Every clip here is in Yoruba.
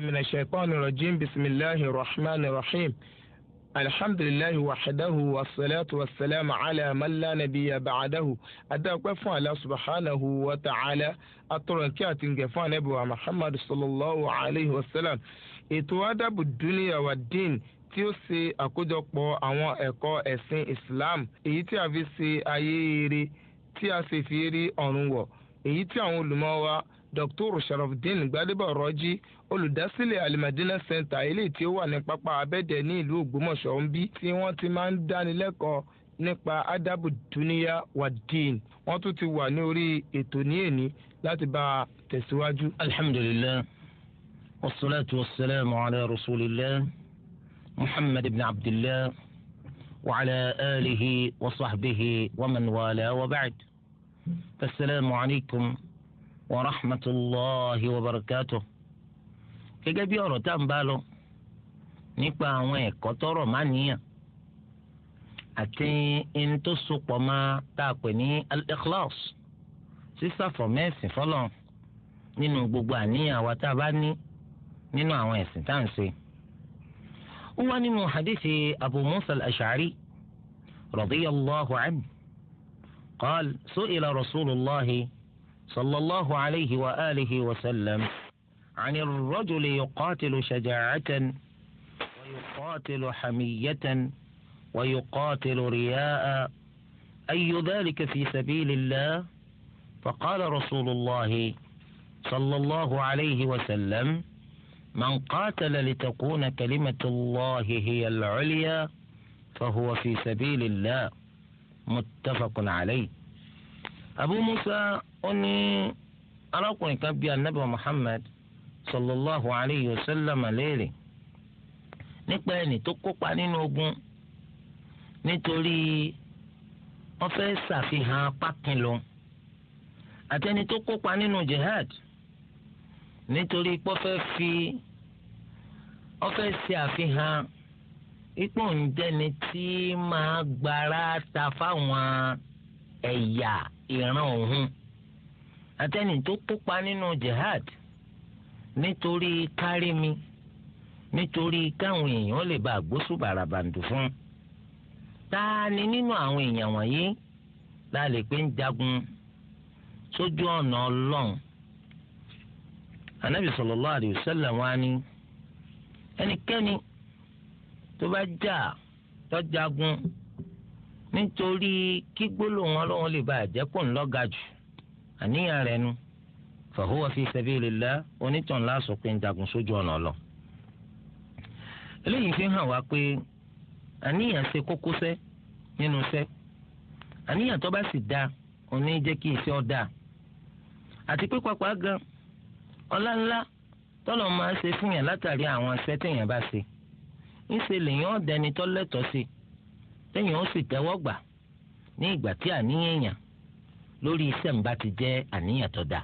من الشيطان الرجيم بسم الله الرحمن الرحيم الحمد لله وحده والصلاة والسلام على من لا نبي بعده أدعوك فعلا سبحانه وتعالى أتركات جفان أبو محمد صلى الله عليه وسلم إتوادب الدنيا والدين tí ó ṣe àkójọpọ̀ àwọn ẹ̀kọ́ ẹ̀sìn Islam èyí tí a fi ṣe ayé eré tí a sì fi rí ọ̀run wọ̀ èyí tí àwọn olùmọ̀ wa dr sharafdin gbadebo rọjí olùdásílẹ̀ alimadina center eléyìí tí ó wà ní pápá abẹ́dẹ̀ ní ìlú ògbómọ̀ṣọ́ ń bí tí wọ́n ti máa ń dánilẹ́kọ̀ọ́ nípa adabu duniya wadin wọ́n tún ti wà ní orí ètò ní èní láti bá a tẹ̀síwájú. alhamdulilayi wasalaatu wasalaamu ala rasulillah muhammad ibn abdillah wa alihi wa sahbihi wa asalaamu alaykum. As wa rahmatulahi wa barakatuh. gẹ́gẹ́ bí ọ̀rọ̀ tá à ń bá lọ nípa àwọn ẹ̀kọ́ tọrọ má níyàn àti ẹni tó sopọ̀ mọ́ tá a pè ní al sísàfọ̀ mẹ́sìn fọlọ́ nínú gbogbo àníyàn wa tá a bá ní nínú àwọn ẹ̀sìn tá à ń ṣe. ó wá nínú hadithi abu musa al-ashari radiyallahu anhu qaal su'ila rasulillah. صلى الله عليه وآله وسلم عن الرجل يقاتل شجاعة ويقاتل حمية ويقاتل رياء أي ذلك في سبيل الله فقال رسول الله صلى الله عليه وسلم من قاتل لتكون كلمة الله هي العليا فهو في سبيل الله متفق عليه abu musa ó ní arákùnrin kan bíi anabi muhammad sallallahu alayhi wa sallam léèrè nípa ẹni tó kópa nínú ogun nítorí wọ́n fẹ́ ṣàfihàn apá kan lọ àtẹni tó kópa nínú jihad nítorí pé fẹ́ fi wọ́n fẹ́ ṣe àfihàn ipò ǹjẹ́ni tí máa gbára ta fáwọn ẹ̀yà. E ìran òun atẹ́ni tó kópa nínú jihad nítorí kárí mi nítorí káwọn èèyàn lè bá àgbóṣùbàrà bàǹdù fún ta ni nínú àwọn èèyàn wọ̀nyí la lè pé ń jagun sójú ọ̀nà ọlọ́run anabi sallallahu alayhi wa sallam ni ẹnikẹ́ni tó bá jà tó jagun nítorí kí gbólóhùn ọlọ́run lè bá àjẹkù ńlọ́ga jù àníyàn rẹ̀ nu fàhùwà fi sabilillah onítàn láàṣọ pé ń jagun sójú ọ̀nà lọ. eléyìí fi hàn wá pé àníyàn ṣe kókó sẹ́ nínú sẹ́ àníyàn tó bá sì da òní jẹ́ kí iṣẹ́ ọ da àti pé pàpà gan ọlá tọ́lọ̀ máa ń ṣe fún yàn látàrí àwọn iṣẹ́ téèyàn bá ṣe ńṣe lèyàn ọ̀dẹni tó sí i téèyàn ó sì tẹ́wọ́ gbà ní ìgbà tí àníyàn lórí iṣẹ́ ń bá ti jẹ́ àníyàn tó dáa.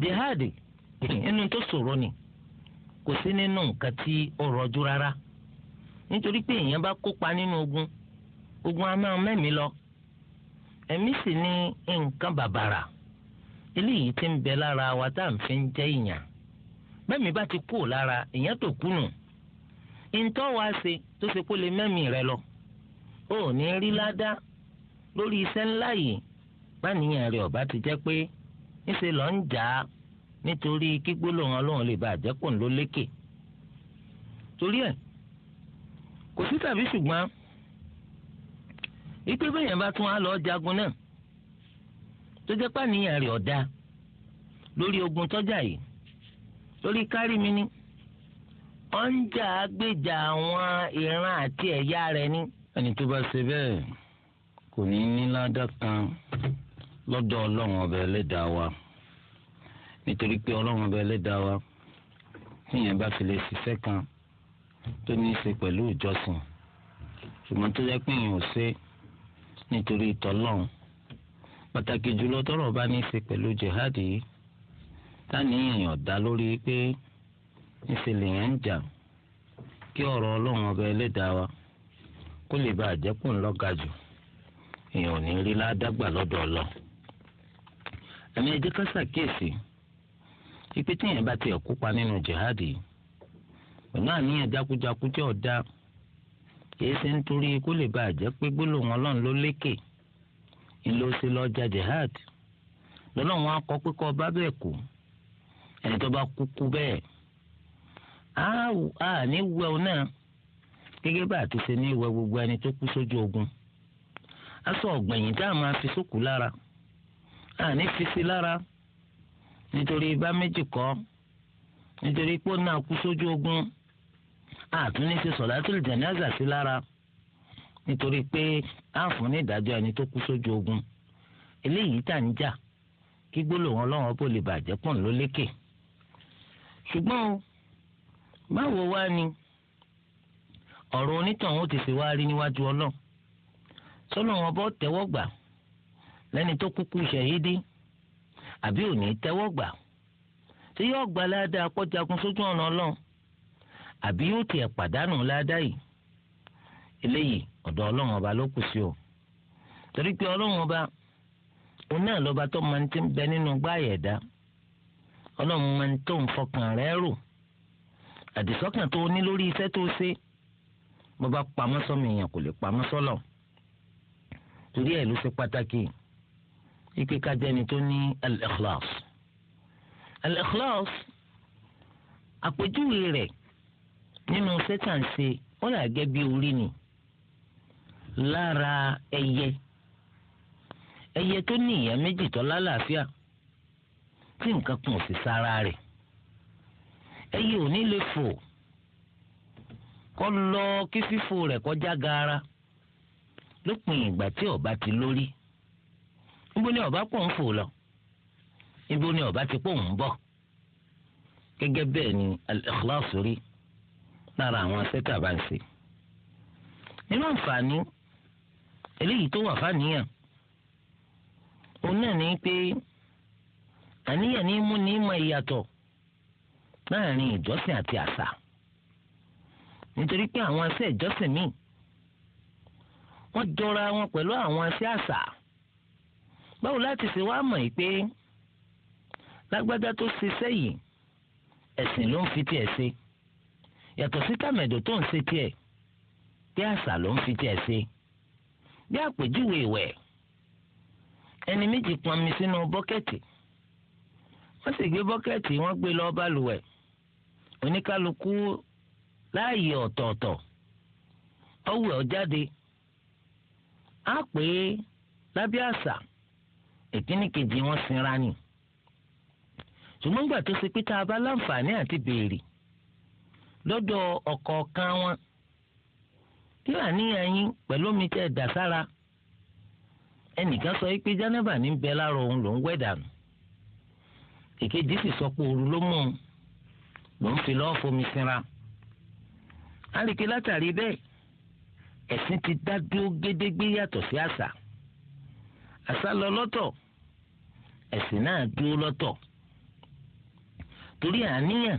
jihad inú tó soro ni kò sí nínú nǹkan tí ó rọjú rárá nítorí pé èèyàn bá kópa ogun ogun a máa mẹ́mìí lọ ẹ̀mí sì ni nǹkan bàbàrà eléyìí tí ń bẹ lára wa tá à ń fi ń jẹ́ èèyàn bá ti kú lára èèyàn tó ó ní rí ládá lórí iṣẹ́ ńlá yìí báníyàn rẹ̀ ọ̀bá ti jẹ́ pé níṣẹ́ lọ́n jà á nítorí kígbólóhùn ọlọ́run lè bá àjẹkùn ló lékè torí ẹ̀ kò sí tàbí ṣùgbọ́n ipe bẹ́ẹ̀ yẹn bá tún á lọ jagun náà tó jẹ́ pàníyàn rẹ̀ ọ̀dá lórí ogun tọ́jà yìí lórí kárí mi ni ọ̀njà gbèjà àwọn ìran àti ẹ̀yà rẹ̀ ni ẹni tó bá ṣe bẹ́ẹ̀ kò ní ní ládà kan lọ́dọ̀ ọlọ́run ọba ẹlẹ́dàá wa nítorí pé ọlọ́run ọba ẹlẹ́dàá wa tíyẹn bá fi lè ṣiṣẹ́ kan tó ní í ṣe pẹ̀lú ìjọsìn ṣùgbọ́n tó yẹ pé èèyàn ò ṣe nítorí ìtọ́lọ́run pàtàkì jùlọ tọ́rọ̀ bá ní í ṣe pẹ̀lú jihadi yìí táni èèyàn dá lórí pé ńṣe lèèyàn ń jà kí ọ̀rọ̀ ọlọ́run ọba ẹlẹ́dàá wa kó lè bá àjẹkùn lọ́ga jù èèyàn ò ní rí ládàgbà lọ́dọ̀ ọlọ. ẹ̀mí ẹ̀jẹ̀ ká ṣàkíyèsí ipe bá ti nínú jihad yìí pẹ̀lú àníyàn jákujáku tí ọ̀dà kìí ṣe nítorí kó lè bá àjẹ́ pé gbólóhùn ọlọ́run ló lékè jihad lọ́lọ́run á kọ́ pé kọ́ bẹ́ẹ̀ kú kúkú bẹ́ẹ̀ á gẹ́gẹ́ bá a ti ṣe ní ìwé gbogbo ẹni tó kú sójú ogun aṣọ ọ̀gbẹ̀yìn tá a máa fi sókù lára a ní fi sí lára nítorí bá méjì kọ́ nítorí pé ó náà kú sójú ogun a tún ní ṣe sọ̀látùl jánásà sí lára nítorí pé a fún ní ìdájọ́ ẹni tó kú sójú ogun eléyìí tá ń jà kí gbólóhùn ọlọ́run bó lè bàjẹ́ pọ̀ lólékè ṣùgbọ́n báwo wá ni ọ̀rọ̀ onítọ̀hún ó ti sì wá rí níwájú ọlọ́run sọ́nà wọn bọ́ tẹ́wọ́ gbà lẹ́ni tó kúkú ṣẹ̀yídí àbí ò ní tẹ́wọ́ gbà tí yóò gba ládàá kọjagun sójú ọ̀nà ọlọ́run àbí yóò tiẹ̀ pàdánù ládàá yìí eléyìí ọ̀dọ̀ ọlọ́run ọba ló kù sí o torí pé ọlọ́run ọba òun náà lọ́ba tó máa ń ti bẹ nínú gbáàyè ẹ̀dá máa ń tó ń fọkàn rẹ̀ rò àdìsọ́kàn tó ní lórí iṣẹ́ tó ṣe bó bá pamọ́ sọ́mi èèyàn kò lè pamọ́ sọ́lọ̀ torí ẹ̀ ló ṣe pàtàkì ike kájẹni tó ní al-ikhlas àpèjúwe rẹ̀ nínú sẹ́tàǹsì wọ́n là gẹ́ bí orí ni lára ẹyẹ ẹyẹ tó ní ìyá méjì tó lálàáfíà tí nǹkan kan ò sì sára rẹ̀ ẹyẹ ò ní lè fò kọ́ lọ kí fífò rẹ̀ kọjá gaara lópin ìgbà tí ọba ti lórí níbo ni ọba pọ̀ ń fò lọ níbo ni ọba ti pọ̀ ń bọ̀ gẹ́gẹ́ bẹ́ẹ̀ ni al-ikhlas rí lára àwọn asẹ́tà bá ń ṣe nínú àǹfààní eléyìí tó wà fàníyàn òun náà ní pé àníyàn ní mú ní mọ ìyàtọ̀ láàrin ìjọsìn àti àṣà nítorí pé àwọn àṣẹ ìjọsìn míì wọ́n jọra wọn pẹ̀lú àwọn àṣẹ àṣà báwo láti ṣe wá mọ̀ yìí pé lágbádá tó ṣiṣẹ́ yìí ẹ̀sìn ló ń fi tiẹ̀ ṣe yàtọ̀ sí tàmẹ̀dò tó ń ṣe tiẹ̀ bí àṣà ló ń fi tiẹ̀ ṣe bí àpèjúwe ìwẹ̀ ẹni méjì pọnmi sínú bọ́kẹ́tì wọ́n sì gbé bọ́kẹ́tì wọ́n gbé lọ bálùwẹ̀ oníkálukú láàyè ọ̀tọ̀ọ̀tọ̀ ọwọ́ ẹ̀ a á pè é lábẹ́ àṣà ìkíní kejì wọn sinra ni ṣùgbọ́n gbà tó ṣe pé tá a bá láǹfààní àti béèrè lọ́dọ̀ ọ̀kọ̀ọ̀kan wọn tí ní yín pẹ̀lú omi tẹ́ sára ẹnìkan sọ ní lára òun ló ń sì sọ pé òru ló sinra. a lè ké látàrí bẹ́ẹ̀ ẹ̀sìn ti dá dúró gédégbé yàtọ̀ sí àṣà àṣà lọ lọ́tọ̀ ẹ̀sìn náà dúró lọ́tọ̀ torí àníyàn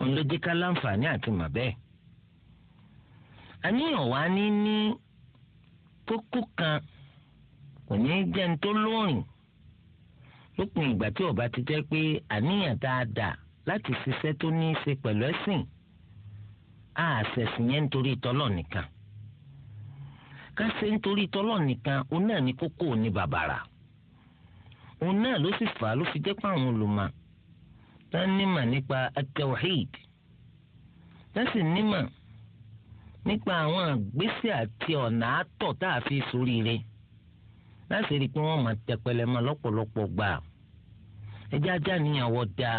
òun ló jẹ́ ká láǹfààní àti mà bẹ́ẹ̀ àníyàn wa ní ní kókó kan kò ní jẹ́ ní tó lóòrìn lópin ìgbà tí ó ti jẹ́ pé àníyàn tá láti ṣiṣẹ́ tó ní í ṣe pẹ̀lú ẹ̀sìn a àṣẹ̀sìn yẹn nítorí tọ́lọ̀ nìkan ká ṣe nítorí tọ́lọ̀ nìkan òun náà ní kókó ní bàbàrà òun náà ló sì fà á ló fi jẹ́ pé àwọn olùmọ̀ tá nímọ̀ nípa at-tawhid tá sì nímọ̀ nípa àwọn àgbésí àti ọ̀nà àtọ̀ tá a fi ṣoríire láti rí i pé wọ́n máa tẹpẹlẹ mọ́ lọ́pọ̀lọpọ̀ gbà ẹjẹ́ ajá níyàwó dáa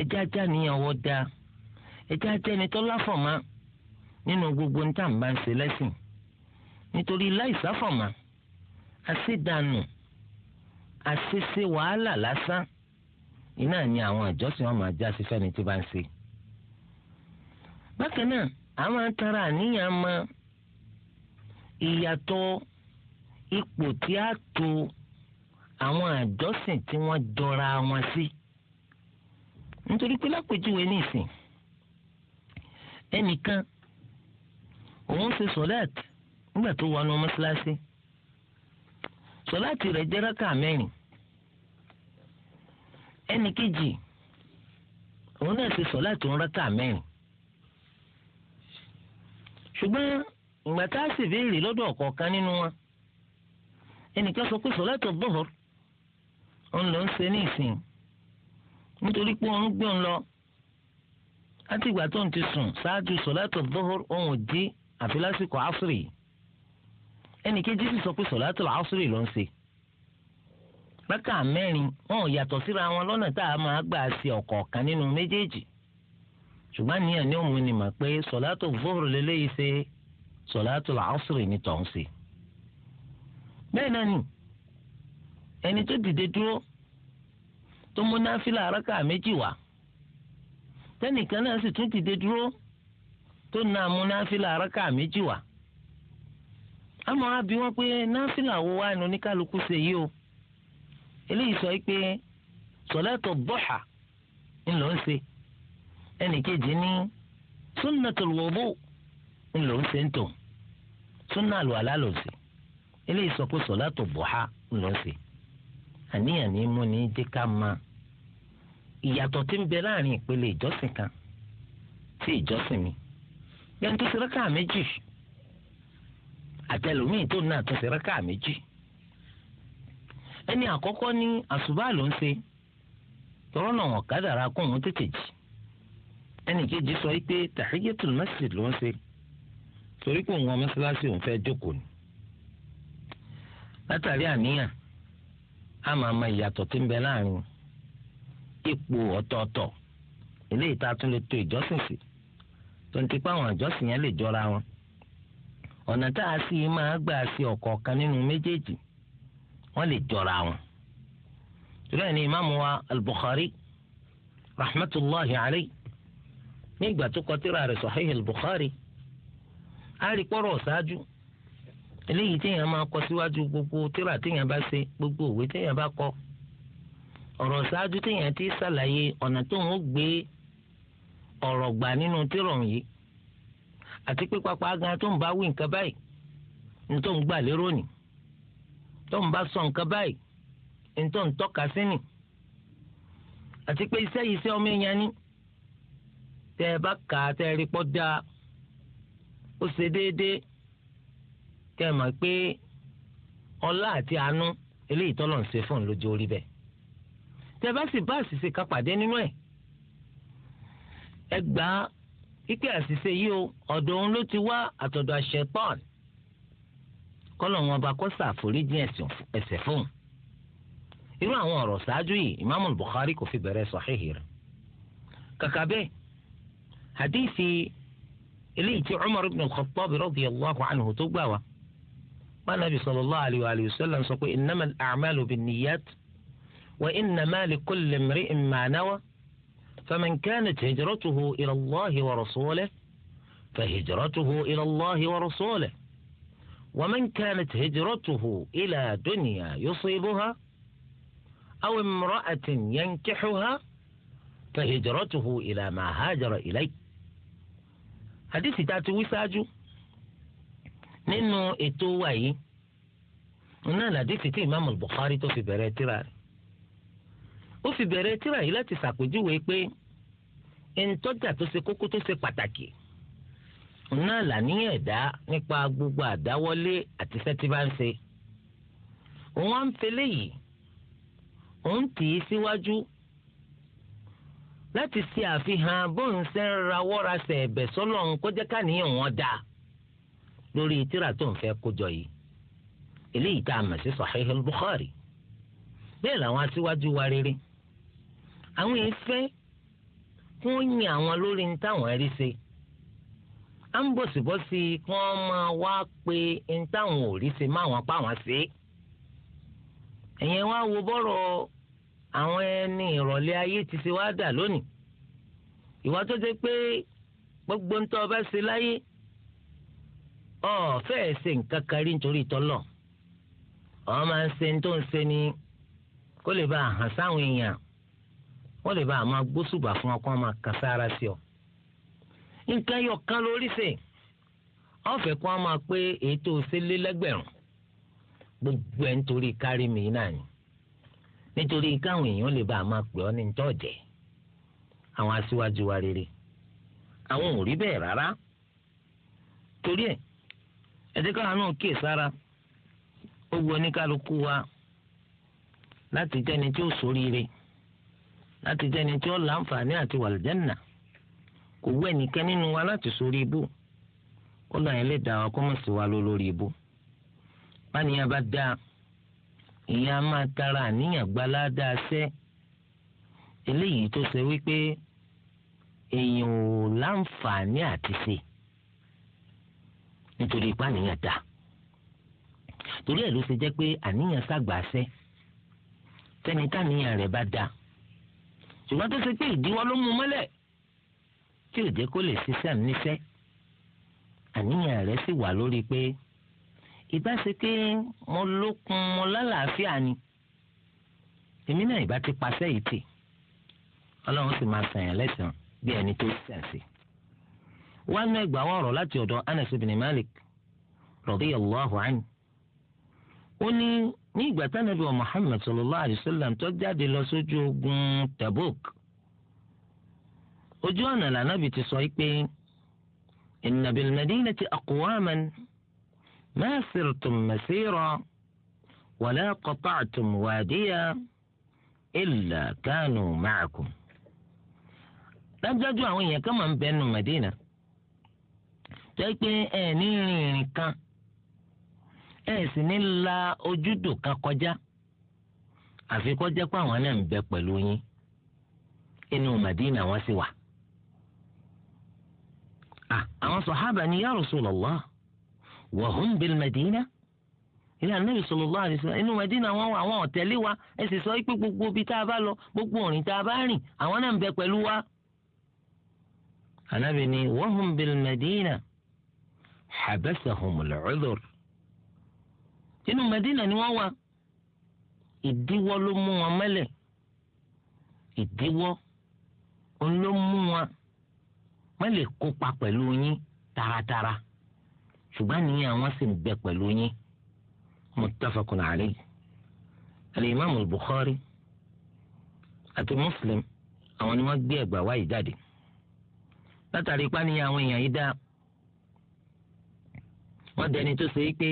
ẹjẹ́ ajá níyàwó dáa ẹjẹ́ ajẹ́ni tó láfọ̀mọ́ nínú gbogbo níta ń bá ń ṣe lẹ́sìn nítorí láìsáfọ̀mọ́ àṣìdànù àṣìṣe wàhálà lásán iná ni àwọn àjọsìn wọn máa já sí fẹ́ni tó bá ń ṣe. bákan náà àwọn atara àníyàn mọ ìyàtọ̀ ipò tí a tò àwọn àjọsìn tí wọ́n jọra wọn sí nítorí pé lápèjúwe ní ìsìn ẹnìkan òun ṣe sọ̀láàtì nígbà tó wọnú mọ́ṣáláṣí sọ̀láàtì rẹ̀ jẹ́ rákà mẹ́rin ẹnìkejì òun náà ṣe sọ̀láàtì òun rákà mẹ́rin ṣùgbọ́n ìgbà tá a sì béèrè lọ́dọ̀ ọ̀kọ̀ọ̀kan nínú wọn ẹnìkan sọ pé sọ̀láàtì ọ̀bọ̀họ̀rọ̀ òun ló ń ṣe ní ìsìn nítorí pé òun gbé òun lọ láti ìgbà tó ń ti sùn ṣáájú sọ̀látò dọ́hùr òun jí àfi lásìkò àṣírí ẹnìkejì sì sọ pé sọ̀látò àṣírí ló ń ṣe rákà mẹ́rin wọn ò yàtọ̀ síra wọn lọ́nà tá a máa gbà ṣe ọ̀kọ̀ọ̀kan nínú méjèèjì ṣùgbọ́n níyàn ní òun ni mà pé sọ̀látò dọ́hùr lélẹ́yìí ṣe sọ̀látò àṣírí ni tọ̀ ń ṣe bẹ́ẹ̀ náà ni ẹni tó dìde dúró tó múnáfílà rákà méjì wá tẹ́nìkan náà sì tún dìde dúró tó na mú náfìlà rákà méjì wá àmọ́ á bi wọ́n pé náfìlà wo wá ní oníkálukú ṣe yìí o eléyìí sọ pé sọlẹ́tò bọ́hà ńlọ ń ṣe ẹnìkejì ní sunnatul wudu ńlọ ń ṣe ń tò sunna àlùwàlá ló ń ṣe eléyìí sọ pé sọlẹ́tò bọ́hà ńlọ ń ṣe àníyàn ní mú ní jẹ́ máa. ìyàtọ̀ tí ń bẹ láàrin ìpele ìjọsìn kan sí ìjọsìn mi yẹn tó ṣe rákà méjì àtẹlómìn tó náà tó méjì ẹni àkọ́kọ́ ní àṣùbà ló ń ṣe tọrọ náà wọn kádàrá tètè sọ pé ló ń torí òun fẹ́ jókòó ni a máa ìyàtọ̀ ń bẹ ipò ọ̀tọ̀ọ̀tọ̀ eléyìí tá a tún lè to ìjọsìn sí tó ń tipa àwọn ìjọsìn yẹn lè jọra wọn ọ̀nà tá a sì máa gbà sí ọ̀kọ̀ọ̀kan nínú méjèèjì wọ́n lè jọra wọn. ìrẹ́ ni ìmáàmù wa al-Bukhari rahmatulahi alayhi ní ìgbà tó kọ tírà rẹ̀ Sahih al-Bukhari a rí pọ́rọ̀ ṣáájú eléyìí téèyàn máa kọ síwájú gbogbo tírà téèyàn bá ṣe gbogbo òwe téèyàn bá kọ ọ̀rọ̀ ṣáájú téèyàn ti ṣàlàyé ọ̀nà tó ń gbé ọ̀rọ̀ gbà nínú tírọ̀ yìí àti pé pápá gan tó ń bá wí nǹkan báyìí ní tó ń gbà lérò nì tó ń bá sọ nǹkan báyìí ní tó ń tọ́ka sí nì àti pé iṣẹ́ yìí iṣẹ́ ọmọ èèyàn ni tẹ́ ẹ bá kà á tẹ́ ẹ rí pọ́ dáa ó ṣe déédéé kẹ́ ẹ mọ̀ pé ọlá àti àánú eléyìí tọ́lọ̀ ń ṣe fún un lójú orí bẹ́ẹ̀ tẹ́ bá sì bá àṣìṣe kan pàdé nínú ẹ̀ ẹ gbà á pípé àṣìṣe yìí o ọ̀dọ̀ òun ló ti wá àtọ̀dọ̀ àṣetán kọ́lọ̀ wọn bá kó ṣàforíjì ẹ̀ṣẹ̀ fún irú àwọn ọ̀rọ̀ ṣáájú yìí Imam Bukhari kò fi bẹ̀rẹ̀ sahihi rẹ̀ kàkà bẹ́ẹ̀ hadithi eléyìí tí Umar ibn al-Khattab radiyallahu anhu tó gbà wá wọn nàbì sallallahu alayhi wa sallam sọ pé innamal a'malu bin niyyat وإنما لكل امرئ ما نوى فمن كانت هجرته إلى الله ورسوله فهجرته إلى الله ورسوله ومن كانت هجرته إلى دنيا يصيبها أو امرأة ينكحها فهجرته إلى ما هاجر إليه حديث تاتي وساجو نينو اتو وي yìí náà làdí امام البخاري تو في بريتي ó fi bẹ̀rẹ̀ tírà yìí láti ṣàpèjúwe pé ẹnitọ́jà tó ṣe kókó tó ṣe pàtàkì náà làníyàn ẹ̀dá nípa gbogbo àdáwọlé àti iṣẹ́ tí bá ń ṣe òun á ń fele yìí òun tì í síwájú láti ṣe àfihàn bóun ṣe ń rawọ́ra ṣe ẹ̀bẹ̀ sọ́lọ̀ ń wọn dáa lórí tírà tó ń fẹ́ kójọ yìí eléyìí tá a mọ̀ sí Sahih al-Bukhari bẹ́ẹ̀ làwọn aṣíwájú wa rere. Si àwọn yẹn fẹ́ kí wọ́n yin àwọn lórí ní táwọn rí ṣe à ń bọ̀sibọ́sí kí wọ́n máa wá pé ní táwọn ò rí ṣe máwọn pa wọn ṣe ẹ̀yẹn wá wo bọ́rọ̀ àwọn ẹni ìrọ̀lẹ́ ayé ti ṣe wá dà lónìí ìwà tó ṣe pé gbogbo ń tọ́ ọ bá ṣe láyé ọ fẹ́ẹ̀ ṣe nǹkan kan nítorí ìtọ́lọ̀ ọ máa ń ṣe ní tó ń ṣe ni kó lè bá a sáwọn èèyàn wọ́n lè bá a máa fún ọkọ́ máa kà sára sí ọ. nǹkan yọ kan lórí sè ọ̀fẹ́ máa pé ètò òṣèlé lẹ́gbẹ̀rún gbogbo ẹ̀ nítorí kárí mi náà ni nítorí káwọn èèyàn lè bá a máa ní àwọn aṣíwájú rere àwọn ò rí bẹ́ẹ̀ torí ẹ̀ náà kíyè sára ó láti jẹ́ni tí ó láti jẹ́ ẹni tí ó láǹfààní àti wàlìjẹ́nà kò wú ẹnìkan nínú wa láti sórí ibú ó lọ yẹn lè dá wa kó mọ̀ sí wa lórí ibú. báníyàn bá dáa ìyẹn a máa tara àníyàn gbalá dáa sẹ́ eléyìí tó ṣe wípé èèyàn ò láǹfààní àti ṣe nítorí ipá dáa torí ẹ̀ ló ṣe jẹ́ pé àníyàn ṣàgbà sẹ́ tẹ́ni rẹ̀ bá dáa ṣùgbọ́n tó ṣe pé ìdíwọ́ ló mú mọ́lẹ̀ tí ò jẹ́ kó lè ṣiṣẹ́ níṣẹ́ àníyàn rẹ̀ sì wà lórí pé ìbá ṣe pé mo lókun mo lálàáfíà ni èmi náà ìbá ti paṣẹ́ yìí tì ọlọ́run sì máa sàn yàn lẹ́sàn-án bí ẹni tó ṣàṣì. wọ́n á mẹ́gbàá wọ̀rọ̀ láti ọ̀dọ̀ Anas ibn Malik radiyallahu anhu ó ní ní ìgbà tánàbí wa muhammed sallallahu alayhi wa sallam tó jáde lọ sójú ogun Tabuk ojú ọ̀nà lànàbì ti sọ pé inna bil madinati aqwaman ma sirtum masira wala qata'tum wadiya ìlà kanu ma'akum. lájọ́jú àwọn èèyàn kan máa ń bẹnu Madina jẹ́ pé ẹ̀ ní rìnrìn kan ẹ sì ní la ojúdò kan kọjá àfi kọjá pé àwọn náà ń bẹ pẹ̀lú yín inú Madina wọn sì wà. àwọn sọ̀hábà ni ya Rasulullah wa bil Madina ilé anabi sallallahu inú Madina wọn wà àwọn wa ẹ sì sọ pé gbogbo ibi tá a lọ gbogbo òrìn tá a bá rìn àwọn náà ń bẹ pẹ̀lú wa. anabi ni Madina inú Madina ni wọ́n wà ìdíwọ́ ló mú wọn mẹ́lẹ̀ ìdíwọ́ ló mú wọn mẹ́lẹ̀ kópa pẹ̀lú yín taratara ṣùgbọ́n nìyẹn àwọn sì ń bẹ pẹ̀lú yín muttafaqun alayhi al-imam al-Bukhari àti Muslim àwọn ni wọ́n gbé ẹ̀gbà wáyé jáde látàrí ipá nìyẹn àwọn èèyàn yìí dá wọ́n dẹni tó ṣe é pé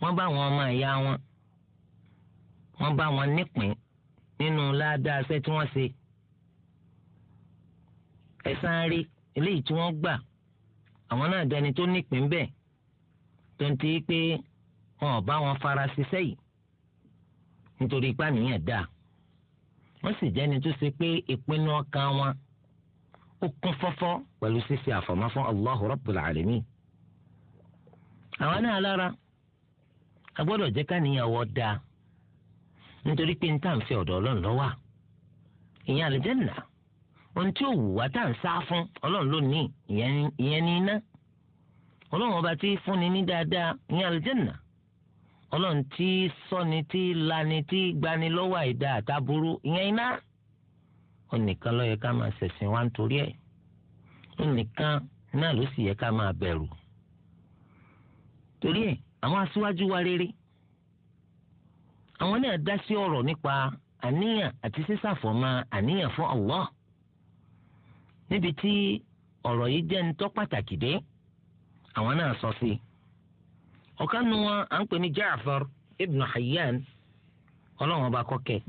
wọ́n bá wọn ọmọ ìyá wọn wọ́n bá wọn nípìn nínú ládàá iṣẹ́ tí wọ́n ṣe ẹ̀san rí eléyìí tí wọ́n gbà àwọn náà dẹni tó nípìn bẹ́ẹ̀ tó ń ti pé wọn ò bá wọn fara ṣiṣẹ́ yìí nítorí ipá nìyẹn dáa wọ́n sì jẹ́ni tó ṣe pé ìpinnu ọkàn wọn ó kún fọ́fọ́ pẹ̀lú ṣíṣe àfọ̀mọ́ fún Allahu Rabbul àwọn náà lára a gbọ́dọ̀ jẹ́ káníyàwó dáa nítorí pé n tàn fẹ́ ọ̀dọ̀ ọlọ́run lọ́wọ́ ìyẹn àlùjẹ́nà ohun tí ò wù wá tá à ń sá fún ọlọ́run lónìí ìyẹn ní iná ọlọ́run ọba tí fúnni ní dáadáa ìyẹn àlùjẹ́nà ọlọ́run tí sọ́ni tí lani tí gbani lọ́wọ́ àìdá àtàbúrú ìyẹn iná onìkan ló yẹ ká máa ṣẹ̀sìn wá nítorí ẹ̀ onìkan náà ló sì yẹ ká máa bẹ̀rù torí ẹ̀ àwọn aṣíwájú wa rere àwọn náà dá sí ọ̀rọ̀ nípa àníyàn àti sísàfọ̀mọ́ àníyàn fún Allah níbi tí ọ̀rọ̀ yìí jẹ́ nítọ́ pàtàkì dé àwọn náà sọ sí i ọ̀kan nu wọn à ń pè ní Ja'far ibn Hayyan ọlọ́run ọba kọ́kẹ́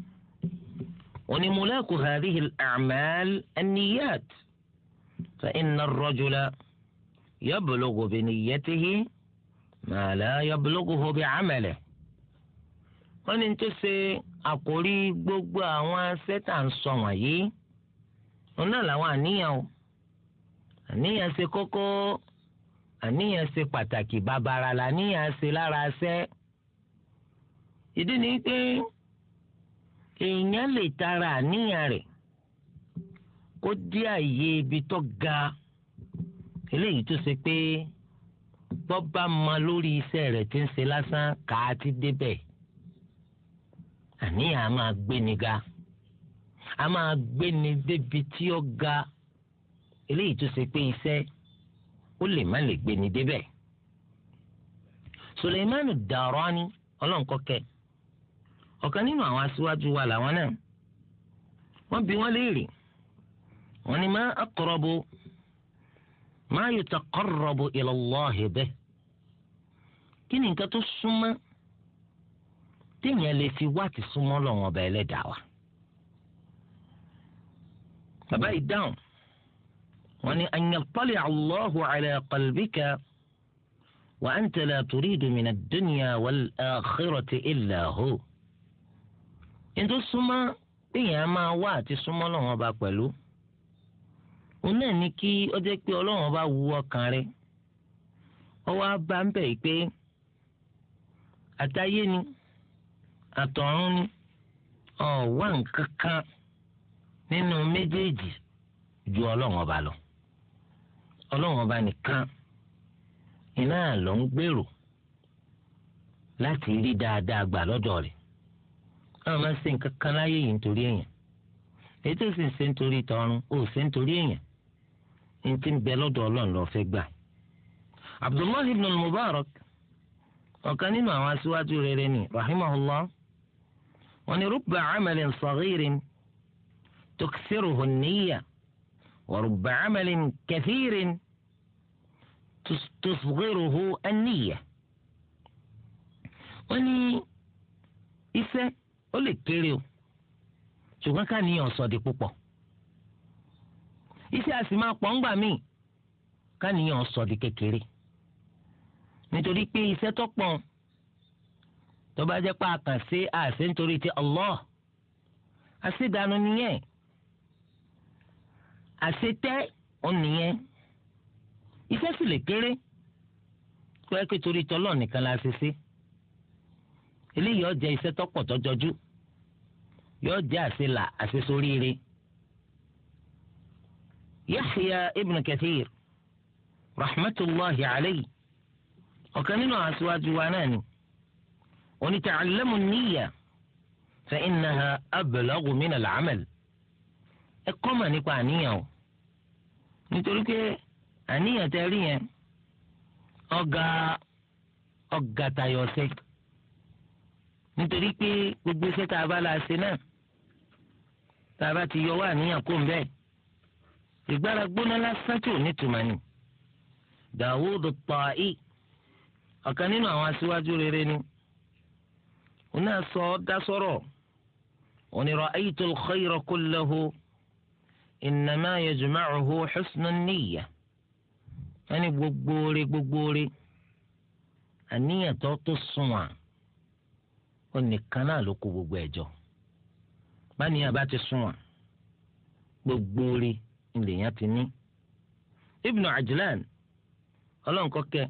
onímúlẹ́kù hadhihi al-a'mal an-niyyat fa inna ar ma la yablughu bi amali wọ́n ní tó ṣe àkórí gbogbo àwọn sẹ́tà ń sọ wọ̀nyí òun náà làwọn àníyàn o àníyàn ṣe kókó àníyàn ṣe pàtàkì bàbàrà làníyàn ṣe lára ṣẹ. ìdí ni pé èèyàn lè tara àníyàn kó dí àyè ibi tó ga eléyìí bọ́ba ma lórí iṣẹ́ rẹ̀ tí ń ṣe lásán kà ti débẹ̀ àníyàn a máa gbéni ga a máa gbéni débi tí ó ga eléyìí tó ṣe pé iṣẹ́ ó lè má lè gbéni débẹ̀ Suleimanu Darani ọlọ́nkọ́kẹ́ ọ̀kan nínú àwọn aṣíwájú wa làwọn náà wọ́n bi wọ́n léèrè wọ́n ní ma aqrabu ما يتقرب إلى الله به كنين كتو السمى اللي في وات السمى لون وبالة دعوة فبأي داون وأن أن يطلع الله على قلبك وأنت لا تريد من الدنيا والآخرة إلا هو إن تو السمى ما وات السمى لون وبالة òun náà ní kí ó jẹ́ pé ọlọ́run bá wu ọkàn rẹ ọwọ́ bá ń bẹ̀ pé àtayé ni àtọ̀run ni ọ̀wá nǹkan nínú méjèèjì ju ọlọ́run ọba lọ ọlọ́run ọba nìkan iná ló ń gbèrò láti rí dáadáa gbà lọ́dọ̀ rẹ̀ ma máa ń ṣe nǹkan láyé yìí nítorí èèyàn èyí tó o nítorí tọ̀run ó ntí ń bẹ lọ́dọ̀ ọlọ́run lọ́ọ́ fẹ́ gbà. abdullahi ibn mubarak ọ̀kan nínú àwọn aṣíwájú rere ni rahimahullah wọn ni rúbà amalin saghirin tuksiruhu niyya wa rúbà amalin kathirin tusghiruhu aniyya. wọ́n ní iṣẹ́ ó lè kéré o ṣùgbọ́n ká níyàn sọ di púpọ̀ iṣẹ́ àsì máa pọ̀ ńgbà míì káníyàn sọ di kékeré nítorí pé iṣẹ́ tó pọ̀ tó bá jẹ́ pé àkànṣe àṣẹ nítorí ti Allah àṣìdànù nìyẹn àṣetẹ́ ò nìyẹn iṣẹ́ sì lè kéré tó kí torí tọ́lọ̀ nìkan la ṣe ṣe eléyìí ó jẹ́ iṣẹ́ tó pọ̀ tó jọjú yóò jẹ́ àṣelà àṣesoríire. Yahya ibn Kathir rahmatulahi alayhi ọ̀kan nínú aṣáájú wa náà ni onítàlámù níyà fa innaha ablagu min al-amal ẹ kọ́ mà nípa àníyàn o nítorí pé àníyàn tẹ rí yẹn ọ̀gá ọ̀gá tayọ ṣe nítorí pé gbogbo iṣẹ́ tá a bá la ṣe náà tá a bá ti yọ wá àníyàn kó ń bẹ́ẹ̀ ìgbára gbóná lásán tí ò ní tuma ni Dawud Ta'i ọ̀kan nínú àwọn aṣíwájú rere ni òun náà sọ ọ́ dá sọ́rọ̀ òun ra'aytu al-khayra kullahu innama yajma'uhu husnu niyya wọ́n ní gbogbo oore gbogbo oore àníyàn tó tó sunwọ̀n ó nìkan náà ló kó gbogbo ẹ̀jọ báníyàn bá ti sunwọ̀n gbogbo lèèyàn ti ní. ibnu ajlan ọlọ́run kọ́kẹ́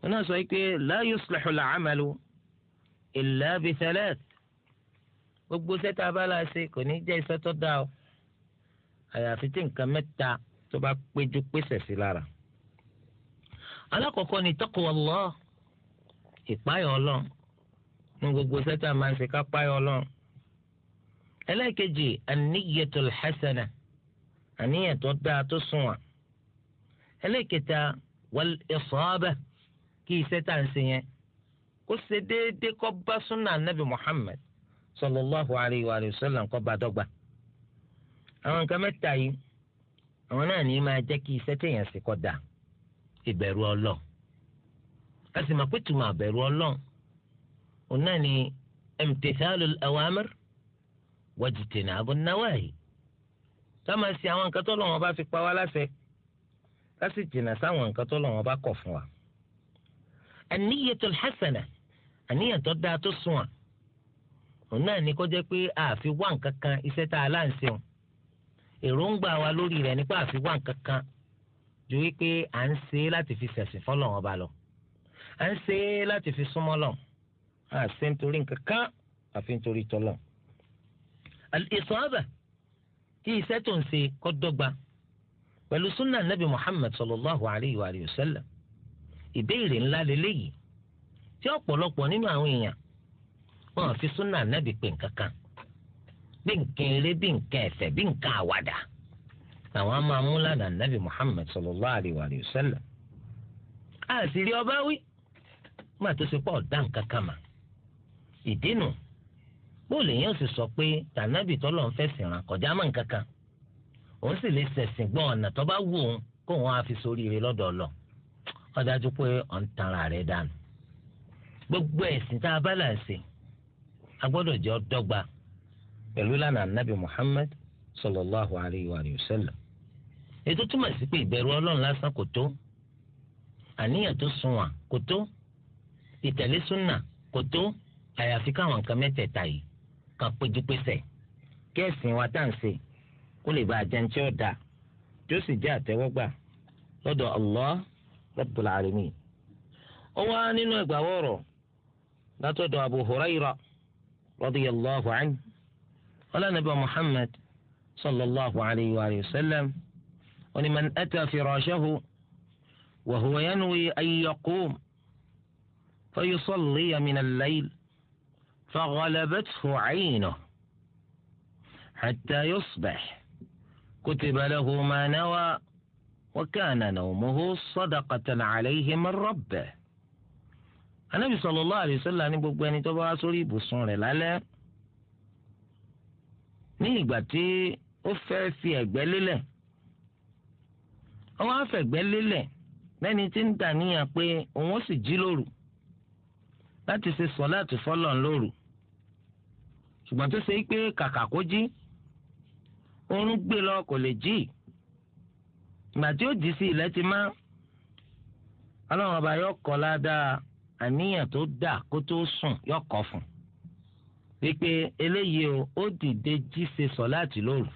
wọn náà sọ pé la yuslihu al-amalu illa bi thalath gbogbo sẹ́tà abala ṣe kò ní jẹ́ iṣẹ́ tó dáa o àyàfi tí nǹkan mẹ́ta tó bá péjú pèsè sí lára. alákọ̀ọ́kọ́ ni taqwallah ìpáyọ̀ ọlọ́run ní gbogbo sẹ́tà máa ń ṣe ká páyọ̀ ọlọ́run. ẹlẹ́ẹ̀kejì an-niyyatul hasana àníyàn tó dáa tó sunwọ̀n ẹlẹ́kẹta wal isaba kí iṣẹ́ tá à ń ṣe yẹn kó ṣe déédéé kó bá súnà nabi Muhammad sallallahu alayhi wa sallam kó bá dọ́gba. àwọn nǹkan mẹ́ta yìí àwọn náà ní máa jẹ́ kí iṣẹ́ téèyàn ṣe kó dáa ìbẹ̀rù ọlọ́ọ̀ a sì máa pètù máa bẹ̀rù ọlọ́ọ̀ òun náà ní imtithalul awamir wajtinabun ká máa ṣe àwọn nǹkan t'Ọlọ́run bá fi pa wá láṣẹ ká sì jìnnà sáwọn nǹkan t'Ọlọ́run bá kọ̀ fún wa. àníyàtul hasana àníyàn tó dáa tó sùn à òun náà ni kó jẹ́ pé àfi wá nǹkan kan iṣẹ́ tá a láǹṣe o èròǹgbà wa lórí rẹ̀ nípa àfi wá nǹkan kan ju wípé à ń ṣe láti fi ṣẹ̀sìn f'Ọlọ́run ọba lọ à ń ṣe láti fi súnmọ́ lọ à ṣe nítorí nǹkan kan àfi nítorí t'Ọlọ́run. al-isaba kí iṣẹ́ tó ń ṣe kó dọ́gba pẹ̀lú sunna nabi muhammad sallallahu alayhi wa sallam ìbéèrè ńlá lélẹ́yìí tí ọ̀pọ̀lọpọ̀ nínú àwọn èèyàn wọn fi sunna awada pè nǹkankan bí nǹkan eré bí nǹkan ẹ̀fẹ̀ bí nǹkan àwàdà làwọn máa mú lánàá nabi muhammad sallallahu alayhi wa sallam àṣírí ọba wí má tó ṣe pọ̀ bó lèèyàn sì sọ pé tànàbì tọ́lọ̀ ń fẹ̀sìn ràn kọjá mọ́ nǹkan kan òun sì lè ṣẹ̀sìn gbọ́ ọ̀nà tó bá wù òun kó òun á fi soríire lọ́dọ̀ ọlọ́ ó dájú pé ọ̀n tanra rẹ̀ dànù gbogbo ẹ̀sìn tá a bá là ń ṣe a gbọ́dọ̀ jẹ́ ọ̀dọ́gba pẹ̀lú lánàá Muhammad sallallahu alayhi wa sallam ètò túmọ̀ sí pé ìbẹ̀rù ọlọ́run lásán kò tó àníyàn tó sunwọ̀n kò tó ìtẹ̀lé súnà kò tó àyàfi káwọn kan péjúpésẹ̀ kí ẹ̀sìn wa tá à ń ṣe kó lè bá àjẹn tí ó dáa tí ó sì jẹ́ àtẹ́wọ́gbà lọ́dọ̀ Allah Rabbul Alamin. ó wá nínú ìgbàwọ́ ọ̀rọ̀ látọ̀dọ̀ Abu Huraira radiyallahu anhu ọlọ́nàbí Muhammad sallallahu alayhi wa sallam ó ní man ata firashahu wa huwa yanwi فغلبته عينه حتى يصبح كتب له ما نوى وكان نومه صدقة عليه من ربه النبي صلى الله عليه وسلم ní gbogbo ẹni tó bá wá sórí ibùsùn rẹ̀ lálẹ́ ní ìgbà tí ó fẹ́ fi ẹ̀gbẹ́ lélẹ̀ ó wá fẹ̀gbẹ́ lélẹ̀ lẹ́ni tí ń dàníyàn pé òun ó sì jí lóru láti ṣe sọláàtì fọlọ́n lóru ṣùgbọ́n tó ṣe é pé kàkà kó jí oorun gbé lọ kò lè jí ìgbà tí ó jí sí ilẹ̀ ti má ọlọ́run ọba yóò kọ́ ládàá àníyàn tó dà kó tó sùn yóò kọ́ fún wípé eléyìí ó dìde jí ṣe lóru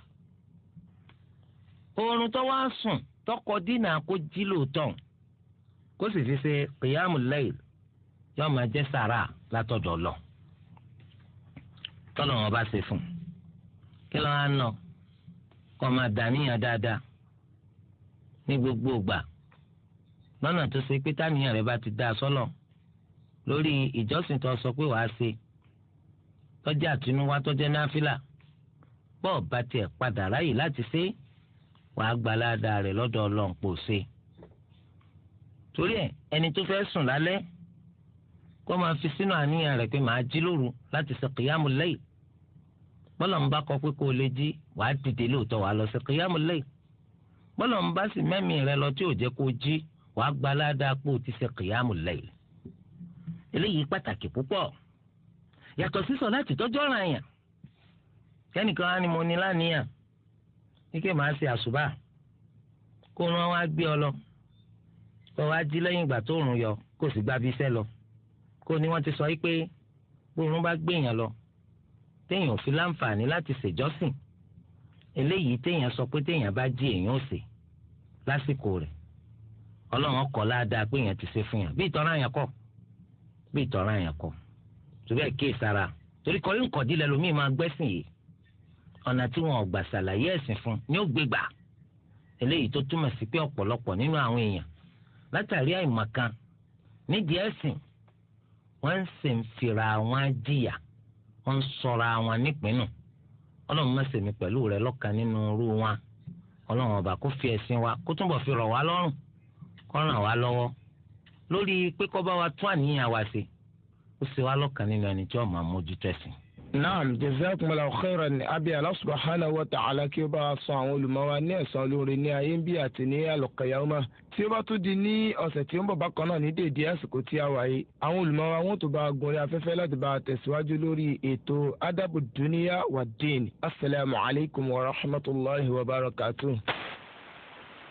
oorun tó wá sùn tọkọ dínà kó jí lóòótọ́ kó sì fi ṣe kìyàmù yóò máa jẹ́ sàrà látọ̀dọ̀ lọ tọ́lọ̀ wọn bá ṣe fún kí ló á nà kó máa dàníyàn dáadáa ní gbogbo ìgbà lọ́nà tó ṣe pé táníyàn rẹ̀ bá ti dá a sọ́lọ̀ lórí ìjọsìn tó sọ pé wàá ṣe tọ́jú àtinúwá tọ́jú náfìlà bọ́ọ̀ bá tiẹ̀ padà ráyè láti ṣe wàá gbaládàá rẹ̀ lọ́dọ̀ ọlọ́run pò ṣe torí ẹ̀ ẹni tó fẹ́ sùn lálẹ́ kó máa fi sínú àníyàn rẹ̀ pé màá jí lóru láti ṣe kìyàmù lẹ́yìn bọ́lá ń bá kọ pé kó o lè jí wàá dìde lóòótọ́ wàá lọ ṣe kìyàmù lẹ́yìn bọ́lá ń bá sì mẹ́mí rẹ lọ tí ò jẹ́ kó o jí wàá gba aládàá pé o ti ṣe kìyàmù lẹ́yìn eléyìí pàtàkì púpọ̀ yàtọ̀ sísọ láti tọ́jú ọ̀ràn àyàn kẹ́nìkan á ní mo ní láníyàn kíkẹ́ màá ṣe àṣùbà kó wọn wá gbé ọ lọ kó wá jí lẹ́yìn ìgbà kó ní wọ́n ti sọ pé bóun bá gbèyàn lọ téèyàn ò fi láǹfààní láti ṣèjọ́sìn eléyìí téèyàn sọ pé téèyàn bá jí èèyàn ṣe lásìkò rẹ̀ ọlọ́run kọ́ ládàá pé èèyàn ti ṣe fún yàn bí ìtọ́ra yàn kọ́ bí ìtọ́ra yàn kọ́ torí ẹ̀ kíyè sára torí kọ́ ńkọ̀dí lẹ́lòmíì máa gbẹ́sìn yìí ọ̀nà tí wọn ò gbà ṣàlàyé ẹ̀sìn fún ni ó gbé gbà eléyìí tó túmọ̀ sí pé ọ̀pọ̀lọpọ̀ nínú àwọn èèyàn látàrí àìmọ̀kan nídìí ẹ̀sìn wọ́n ń sì ń fira wọn jìyà wọ́n ń sọra wọn nípinnu ọlọ́run má ṣèmi pẹ̀lú rẹ lọ́kàn nínú irú wọn ọlọ́run ọba kó fi ẹ̀sìn wa kó túnbọ̀ fi rọ̀ wá lọ́rùn kó ràn wá lọ́wọ́ lórí pé kó bá wa tún àníyàn wa ṣe ó ṣe wá lọ́kàn nínú ẹni tí ó máa mójútó ẹ̀sìn naam jazakumullahu khairan abi Allah subhanahu wa ta'ala kí ó bá san àwọn olùmọ̀wá ní ẹ̀san olóore ní ayé ń bí àti ní àlùkàyàmọ́ tí ó bá tún di ní ọ̀sẹ̀ tí ó ń bọ̀ bákan náà ní dèédé àsìkò tí a wà yìí àwọn olùmọ̀wá wọn tó bá gun orí afẹ́fẹ́ láti bá tẹ̀síwájú lórí ètò adabu duniya wa deen asalaamualeykum wa rahmatulahi wa barakatuh.